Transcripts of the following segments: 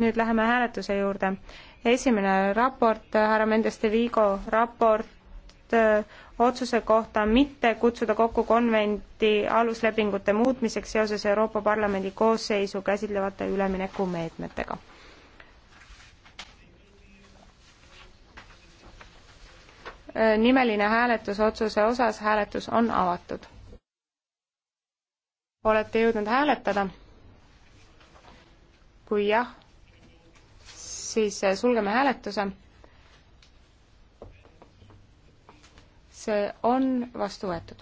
nüüd läheme hääletuse juurde. esimene raport, äh, härra Mendes de Vigo raport öö, äh, otsuse kohta mitte kutsuda kokku konventi aluslepingute muutmiseks seoses Euroopa Parlamendi koosseisu käsitlevate üleminekumeetmetega. Äh, nimeline hääletus otsuse osas, hääletus on avatud. olete jõudnud hääletada? kui jah siis eh, sulgeme hääletuse. see on vastu võetud.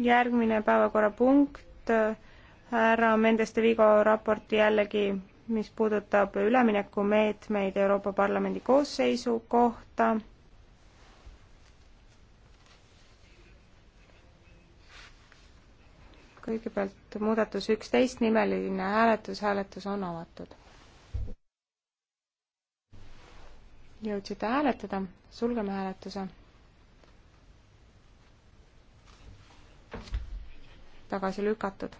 järgmine päevakorrapunkt, eh, härra Mendeste Vigo raporti jällegi, mis puudutab üleminekumeetmeid Euroopa Parlamendi koosseisu kohta kõigepealt muudatus üksteist, nimeline hääletus, hääletus on avatud. jõudsite hääletada, sulgeme hääletuse. tagasi lükatud.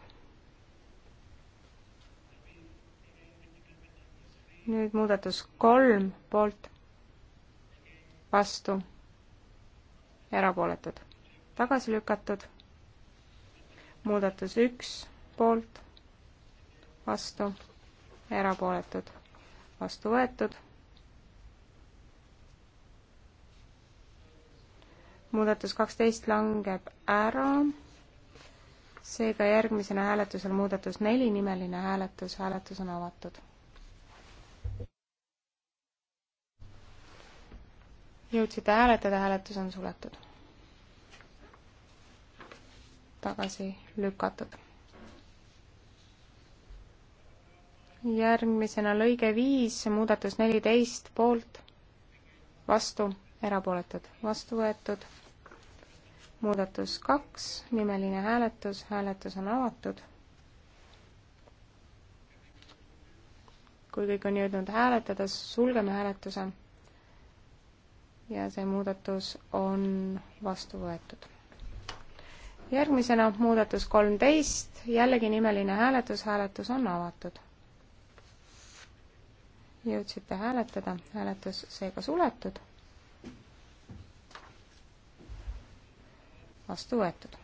nüüd muudatus kolm poolt, vastu, erapooletud, tagasi lükatud muudatus üks poolt, vastu, erapooletud, vastu võetud. muudatus kaksteist langeb ära, seega järgmisena hääletusel muudatus neli, nimeline hääletus, hääletus on avatud jõudsite hääletada, hääletus on suletud tagasi lükatud. järgmisena lõige viis, muudatus neliteist poolt, vastu, erapooletud, vastu võetud. muudatus kaks, nimeline hääletus, hääletus on avatud. kui kõik on jõudnud hääletada, sulgeme hääletuse ja see muudatus on vastu võetud järgmisena muudatus kolmteist, jällegi nimeline hääletus, hääletus on avatud. jõudsite hääletada, hääletus seega suletud. vastu võetud.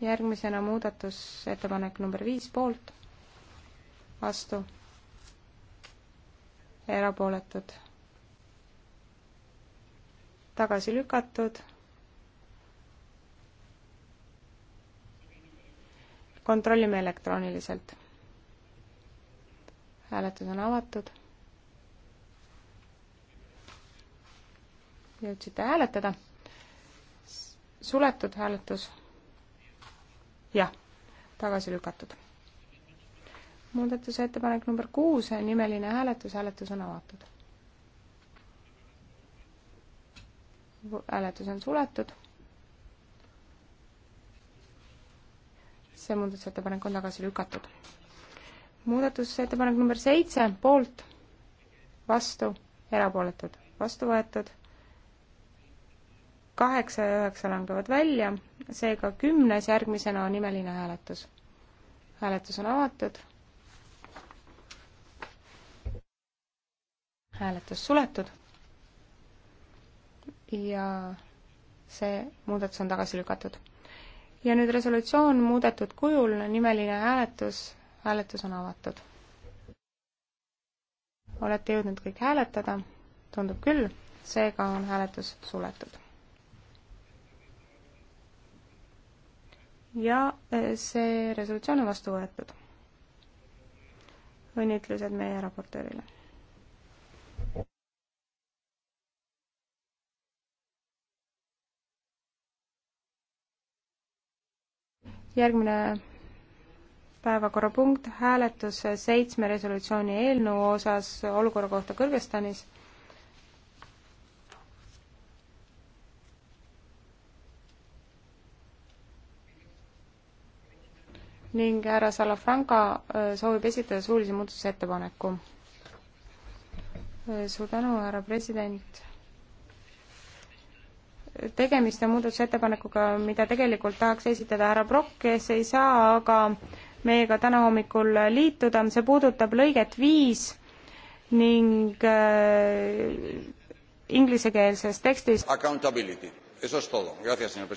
järgmisena muudatusettepanek number viis poolt, vastu, erapooletud, tagasi lükatud kontrollime elektrooniliselt. hääletus on avatud. jõudsite hääletada? suletud hääletus? jah, tagasi lükatud. muudatusettepanek number kuus, nimeline hääletus, hääletus on avatud. hääletus on suletud see muudatusettepanek on tagasi lükatud. muudatusettepanek number seitse, poolt, vastu, erapooletud, vastu võetud. kaheksa ja üheksa langevad välja, seega kümnes järgmisena on imeline hääletus. hääletus on avatud. hääletus suletud. ja see muudatus on tagasi lükatud ja nüüd resolutsioon muudetud kujul, nimeline hääletus, hääletus on avatud. olete jõudnud kõik hääletada? tundub küll, seega on hääletus suletud. ja eh, see resolutsioon on vastu võetud. õnnitlused meie raportöörile järgmine päevakorrapunkt, hääletus seitsme resolutsiooni eelnõu osas olukorra kohta Kõrgõzstanis. ning härra Salafranca äh, soovib esitada suulise muudatusettepaneku. Äh, suur tänu, härra president tegemist on muudatusettepanekuga, mida tegelikult tahaks esitada härra Brock, kes ei saa aga meiega täna hommikul liituda, see puudutab lõiget viis ning äh, inglisekeelses tekstis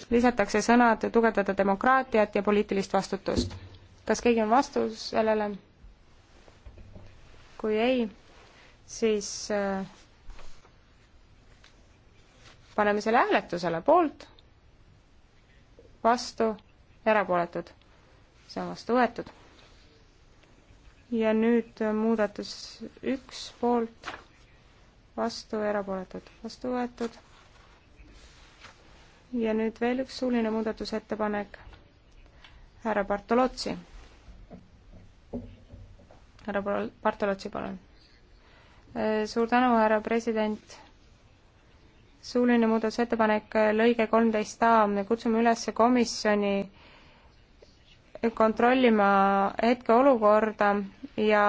lisatakse sõnad tugevdada demokraatiat ja poliitilist vastutust. kas keegi on vastu sellele? kui ei, siis äh, paneme selle hääletusele, poolt, vastu, erapooletud. see on vastu võetud. ja nüüd muudatus üks poolt, vastu, erapooletud, vastu võetud. ja nüüd veel üks suuline muudatusettepanek härra Bartolotsi. härra Bartolotsi, palun. suur tänu, härra president suuline muudatusettepanek äh, lõige kolmteist A, me kutsume üles komisjoni kontrollima hetkeolukorda ja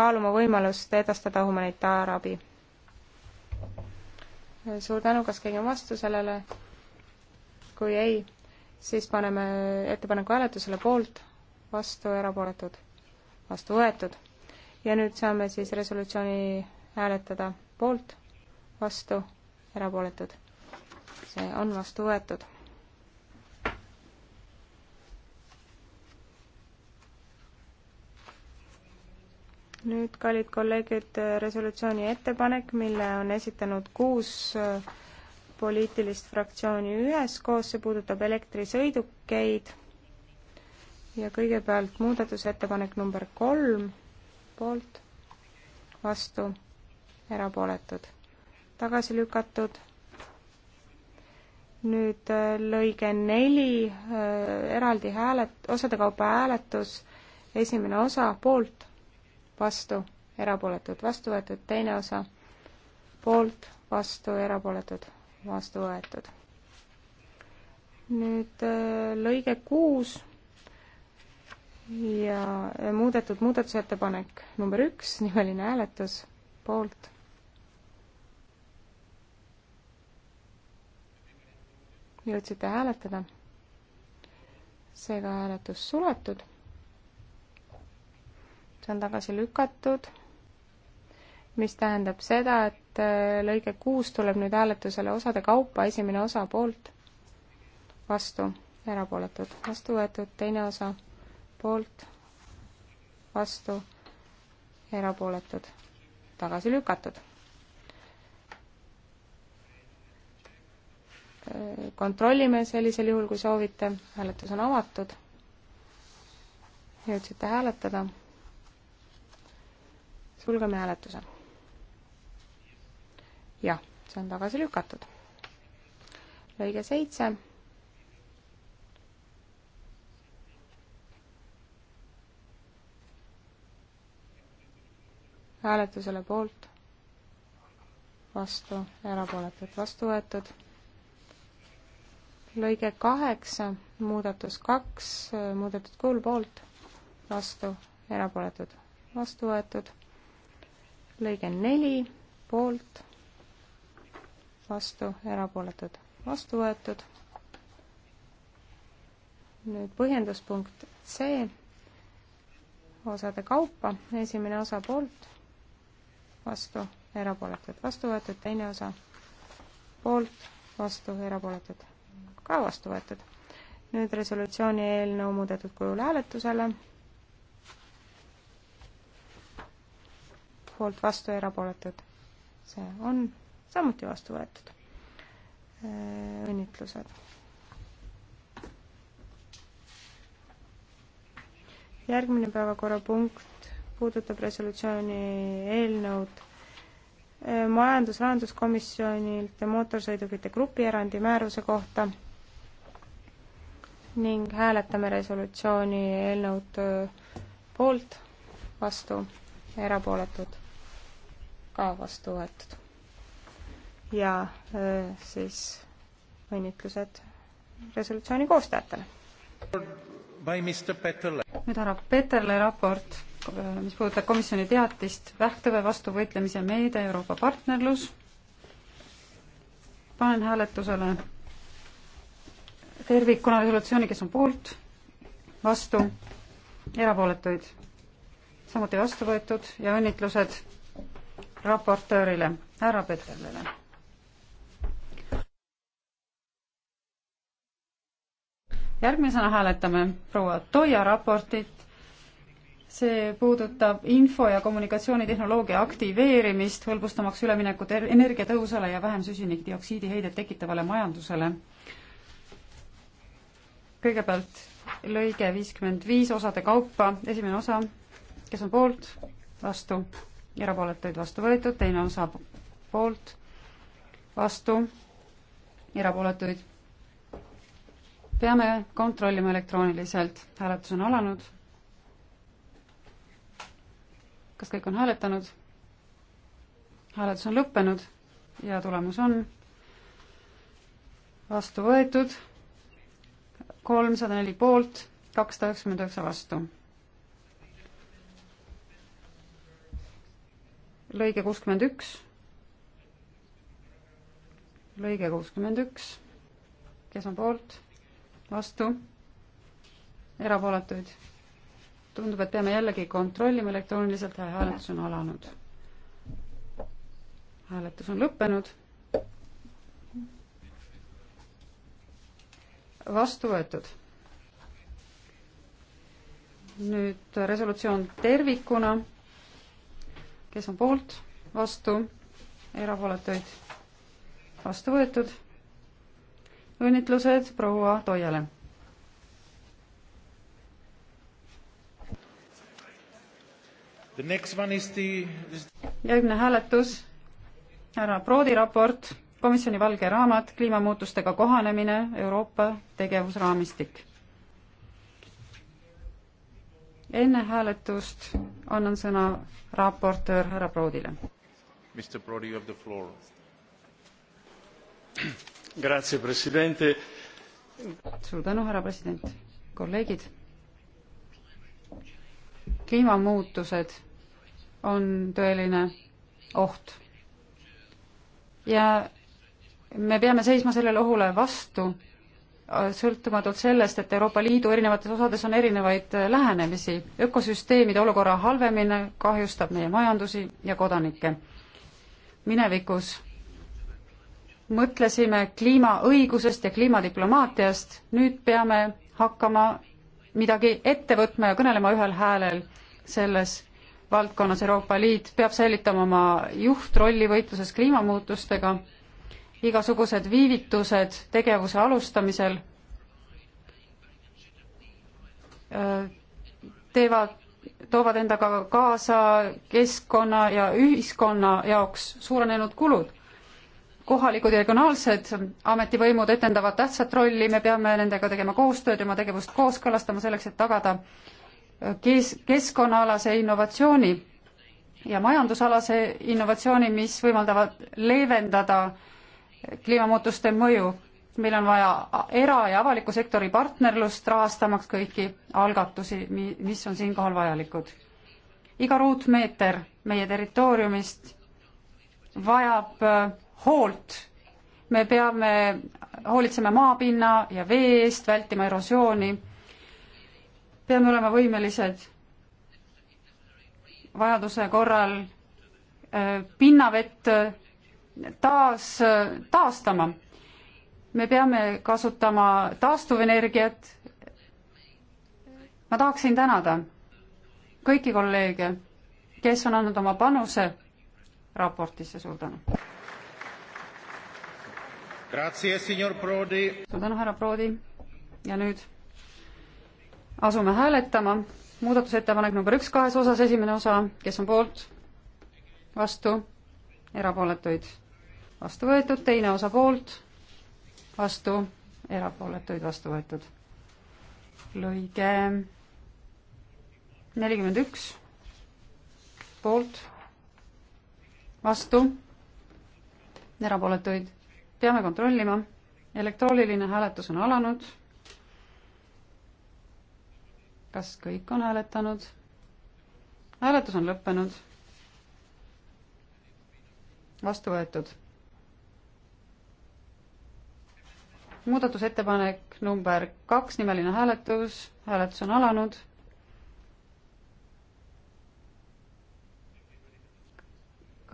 kaaluma võimalust edastada humanitaarabi. suur tänu, kas keegi on vastu sellele? kui ei, siis paneme ettepaneku hääletusele poolt, vastu, erapooletud, vastu võetud. ja nüüd saame siis resolutsiooni hääletada poolt, vastu erapooletud, see on vastu võetud. nüüd, kallid kolleegid, resolutsiooni ettepanek, mille on esitanud kuus poliitilist fraktsiooni üheskoos, see puudutab elektrisõidukeid ja kõigepealt muudatusettepanek number kolm, poolt, vastu, erapooletud tagasi lükatud. nüüd äh, lõige neli, äh, eraldi häälet-, osade kaupa hääletus, esimene osa poolt, vastu, erapooletud, vastu võetud, teine osa poolt, vastu, erapooletud, vastu võetud. nüüd äh, lõige kuus ja muudetud muudatusettepanek number üks, nimeline hääletus, poolt jõudsite hääletada. seega hääletus suletud. see on tagasi lükatud, mis tähendab seda, et äh, lõige kuus tuleb nüüd hääletusele osade kaupa, esimene osa poolt, vastu, erapooletud, vastu võetud, teine osa poolt, vastu, erapooletud, tagasi lükatud kontrollime sellisel juhul, kui soovite. hääletus on avatud. jõudsite hääletada. sulgeme hääletuse. jah, see on tagasi lükatud. lõige seitse. hääletusele poolt, vastu, erapooletult vastu võetud lõige kaheksa, muudatus kaks, muudetud kujul poolt, vastu, erapooletud, vastu võetud. lõige neli, poolt, vastu, erapooletud, vastu võetud. nüüd põhjenduspunkt C, osade kaupa, esimene osa poolt, vastu, erapooletud, vastu võetud, teine osa poolt, vastu, erapooletud ka vastu võetud. nüüd resolutsiooni eelnõu muudetud kujul hääletusele. poolt, vastu, erapooletud. see on samuti vastu võetud. Äh, õnnitlused. järgmine päevakorrapunkt puudutab resolutsiooni eelnõud äh, majandus-rahanduskomisjonilt mootorsõidukite grupierandi määruse kohta ning hääletame resolutsiooni eelnõud poolt, vastu, erapooletud, ka vastu võetud. ja siis õnnitlused resolutsiooni koostajatele. nüüd härra Peterle raport, mis puudutab komisjoni teatist vähktõve vastu võitlemise meede Euroopa partnerlus. panen hääletusele tervikuna resolutsiooni, kes on poolt, vastu, erapooletuid samuti vastu võetud ja õnnitlused raportöörile, härra Peterlile. järgmisena hääletame proua Toia raportit. see puudutab info- ja kommunikatsioonitehnoloogia aktiveerimist, hõlbustamaks üleminekut er-, energiatõhusale ja vähem süsinikdioksiidi heidet tekitavale majandusele kõigepealt lõige viiskümmend viis osade kaupa, esimene osa, kes on poolt, vastu, erapooletuid vastu võetud, teine osa poolt, vastu, erapooletuid. peame kontrollima elektrooniliselt, hääletus on alanud. kas kõik on hääletanud? hääletus on lõppenud ja tulemus on vastu võetud kolmsada neli poolt, kakssada üheksakümmend üheksa vastu. lõige kuuskümmend üks, lõige kuuskümmend üks, kes on poolt, vastu, erapooletuid. tundub, et peame jällegi kontrollima elektrooniliselt, hääletus on alanud. hääletus on lõppenud vastu võetud. nüüd resolutsioon tervikuna. kes on poolt, vastu, erapooletuid, vastu võetud. õnnitlused proua Toiale järgmine hääletus härra Proodi raport komisjoni valge raamat Kliimamuutustega kohanemine Euroopa tegevusraamistik. enne hääletust annan sõna raportöör härra Proodile. suur tänu, härra president, kolleegid. kliimamuutused on tõeline oht ja me peame seisma sellele ohule vastu, sõltumatult sellest, et Euroopa Liidu erinevates osades on erinevaid lähenemisi. ökosüsteemide olukorra halvemine kahjustab meie majandusi ja kodanikke. minevikus mõtlesime kliimaõigusest ja kliimadiplomaatiast, nüüd peame hakkama midagi ette võtma ja kõnelema ühel häälel selles valdkonnas. Euroopa Liit peab säilitama oma juhtrolli võitluses kliimamuutustega igasugused viivitused tegevuse alustamisel äh, teevad, toovad endaga kaasa keskkonna ja ühiskonna jaoks suurenenud kulud. kohalikud ja regionaalsed ametivõimud etendavad tähtsat rolli, me peame nendega tegema koostööd ja oma tegevust kooskõlastama selleks, et tagada äh, kes-, keskkonnaalase innovatsiooni ja majandusalase innovatsiooni, mis võimaldavad leevendada äh, kliimamuutuste mõju. meil on vaja era- ja avaliku sektori partnerlust, rahastamaks kõiki algatusi, mis on siinkohal vajalikud. iga ruutmeeter meie territooriumist vajab äh, hoolt. me peame hoolitsema maapinna ja vee eest, vältima erosiooni. peame olema võimelised vajaduse korral äh, pinnavett äh, taas, taastama. me peame kasutama taastuvenergiat. ma tahaksin tänada kõiki kolleege, kes on andnud oma panuse raportisse, suur tänu. suur tänu, härra Proodi. ja nüüd asume hääletama. muudatusettepanek number üks kahes osas, esimene osa, kes on poolt, vastu, erapooletuid vastu võetud, teine osa poolt, vastu, erapooletuid vastu võetud. lõige nelikümmend üks, poolt, vastu, erapooletuid peame kontrollima, elektrooniline hääletus on alanud. kas kõik on hääletanud? hääletus on lõppenud. vastu võetud muudatusettepanek number kaks, nimeline hääletus, hääletus on alanud.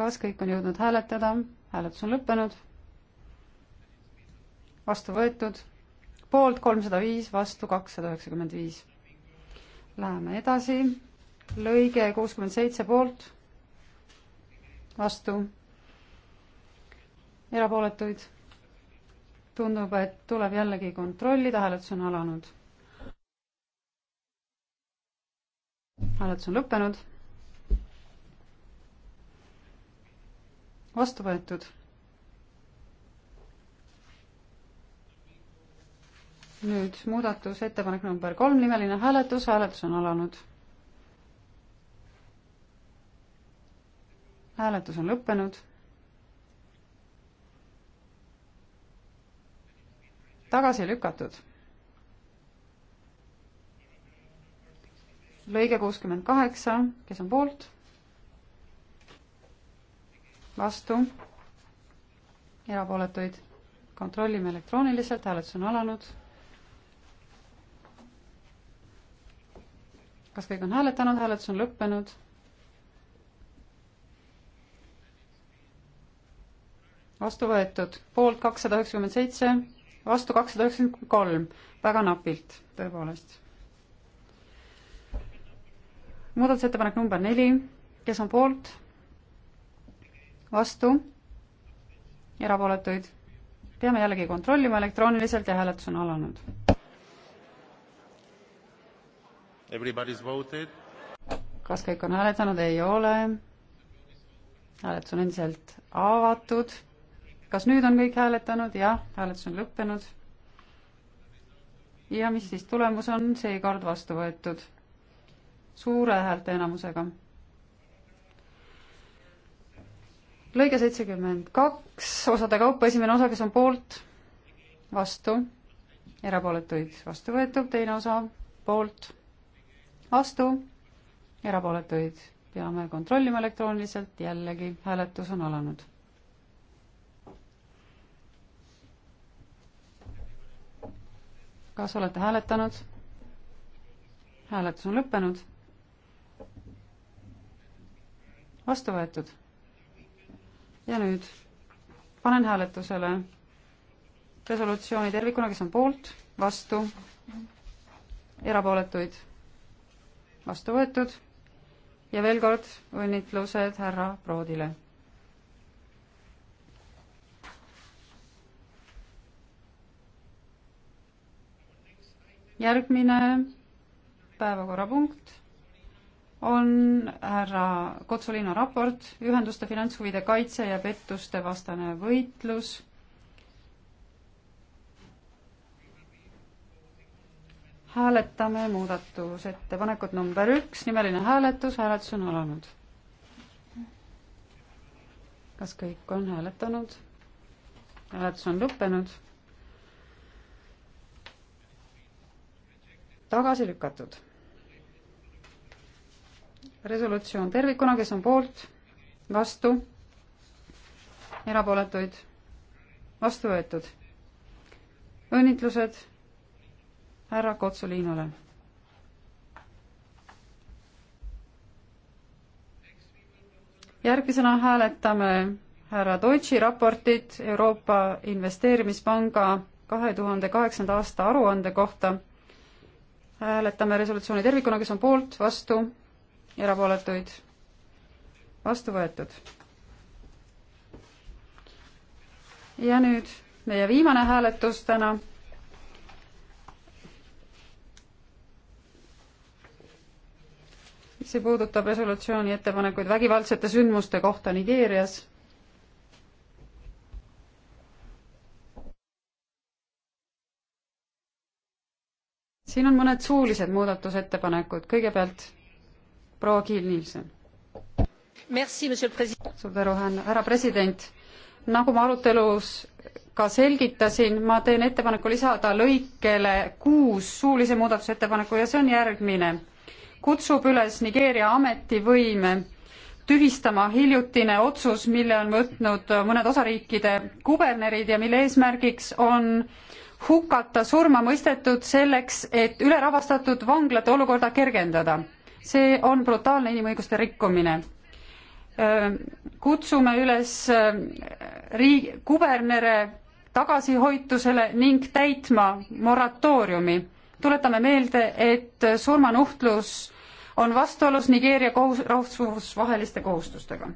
kas kõik on jõudnud hääletada? hääletus on lõppenud. vastu võetud, poolt kolmsada viis, vastu kakssada üheksakümmend viis. Läheme edasi, lõige kuuskümmend seitse poolt, vastu, erapooletuid tundub, et tuleb jällegi kontrollida, hääletus on alanud. hääletus on lõppenud. vastu võetud. nüüd muudatusettepanek number kolm, nimeline hääletus, hääletus on alanud. hääletus on lõppenud tagasi lükatud. lõige kuuskümmend kaheksa, kes on poolt? vastu? erapooletuid? kontrollime elektrooniliselt, hääletus on alanud. kas kõik on hääletanud, hääletus on lõppenud? vastu võetud, poolt kakssada üheksakümmend seitse vastu kakssada üheksakümmend kolm, väga napilt, tõepoolest. muudatusettepanek number neli, kes on poolt? vastu? erapooletuid? peame jällegi kontrollima elektrooniliselt ja hääletus on alanud. kas kõik on hääletanud, ei ole? hääletus on endiselt avatud kas nüüd on kõik hääletanud? jah, hääletus on lõppenud. ja mis siis tulemus on, seekord vastu võetud suure häälteenamusega. lõige seitsekümmend kaks, osade kaupa esimene osa, kes on poolt, vastu, erapooletuid vastu võetud, teine osa poolt, vastu, erapooletuid peame kontrollima elektrooniliselt, jällegi hääletus on alanud. kas olete hääletanud? hääletus on lõppenud. vastu võetud. ja nüüd panen hääletusele resolutsiooni tervikuna, kes on poolt, vastu, erapooletuid, vastu võetud ja veel kord õnnitlused härra Proodile järgmine päevakorrapunkt on härra Kotsulino raport Ühenduste finantshuvide kaitse ja pettuste vastane võitlus. hääletame muudatusettepanekut number üks, nimeline hääletus, hääletus on alanud. kas kõik on hääletanud? hääletus on lõppenud tagasi lükatud. resolutsioon tervikuna, kes on poolt, vastu, erapooletuid, vastu võetud. õnnitlused härra Kotsuliinule. järgmisena hääletame härra Deutschi raportit Euroopa Investeerimispanga kahe tuhande kaheksanda aasta aruande kohta hääletame resolutsiooni tervikuna, kes on poolt, vastu, erapooletuid, vastu võetud. ja nüüd meie viimane hääletus täna. see puudutab resolutsiooni ettepanekuid vägivaldsete sündmuste kohta Nigeerias siin on mõned suulised muudatusettepanekud, kõigepealt proua Kiil-Nielsen. suur tänu, härra president. nagu ma arutelus ka selgitasin, ma teen ettepaneku lisada lõikele kuus suulise muudatusettepaneku ja see on järgmine. kutsub üles Nigeeria ametivõime tühistama hiljutine otsus, mille on võtnud mõned osariikide kubernerid ja mille eesmärgiks on äh, hukata surma mõistetud selleks, et ülerahvastatud vanglate olukorda kergendada. see on brutaalne inimõiguste rikkumine. kutsume üles riigi, kubernere tagasihoitusele ning täitma moratooriumi. tuletame meelde, et surmanuhtlus on vastuolus Nigeeria kohus, rahvusvaheliste kohustustega.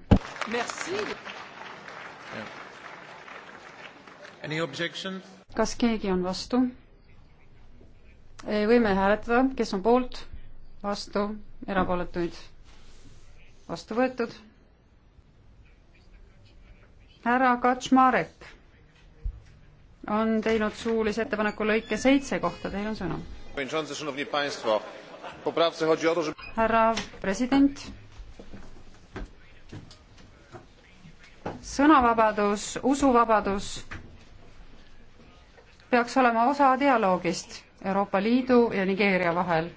Any objections? kas keegi on vastu? võime hääletada, kes on poolt, vastu, erapooletuid, vastu võetud. härra Kaczmarek on teinud suulise ettepaneku lõike seitse kohta, teil on sõna. härra president sõnavabadus, usuvabadus peaks olema osa dialoogist Euroopa Liidu ja Nigeeria vahel.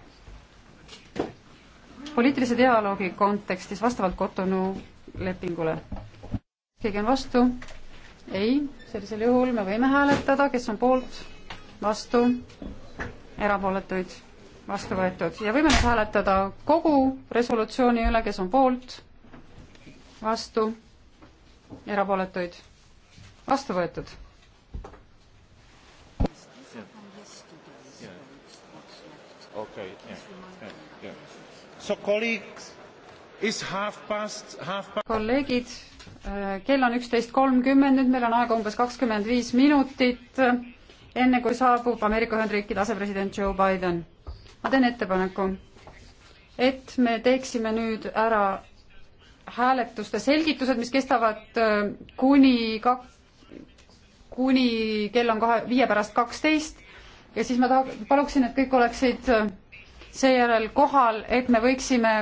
poliitilise dialoogi kontekstis vastavalt Cotonou lepingule. keegi on vastu? ei, sellisel juhul me võime hääletada, kes on poolt, vastu, erapooletuid, vastu võetud ja võime nüüd hääletada kogu resolutsiooni üle, kes on poolt, vastu, erapooletuid, vastu võetud Okay. Yeah. Yeah. Yeah. So colleagues, is half past, half past. kolleegid, äh, kell on üksteist kolmkümmend, nüüd meil on aega umbes kakskümmend viis minutit, äh, enne kui saabub Ameerika Ühendriikide asepresident Joe Biden. ma teen ettepaneku, et me teeksime nüüd ära hääletuste selgitused, mis kestavad äh, kuni kak-, kuni kell on kahe, viie pärast kaksteist ja siis ma taha-, paluksin, et kõik oleksid äh, seejärel kohal, et me võiksime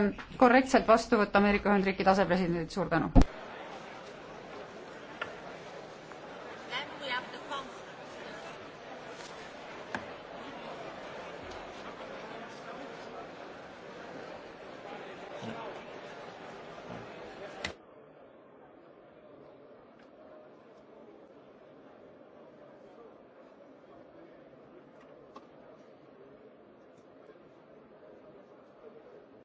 korrektselt vastu võtta Ameerika Ühendriikide asepresidendid, suur tänu!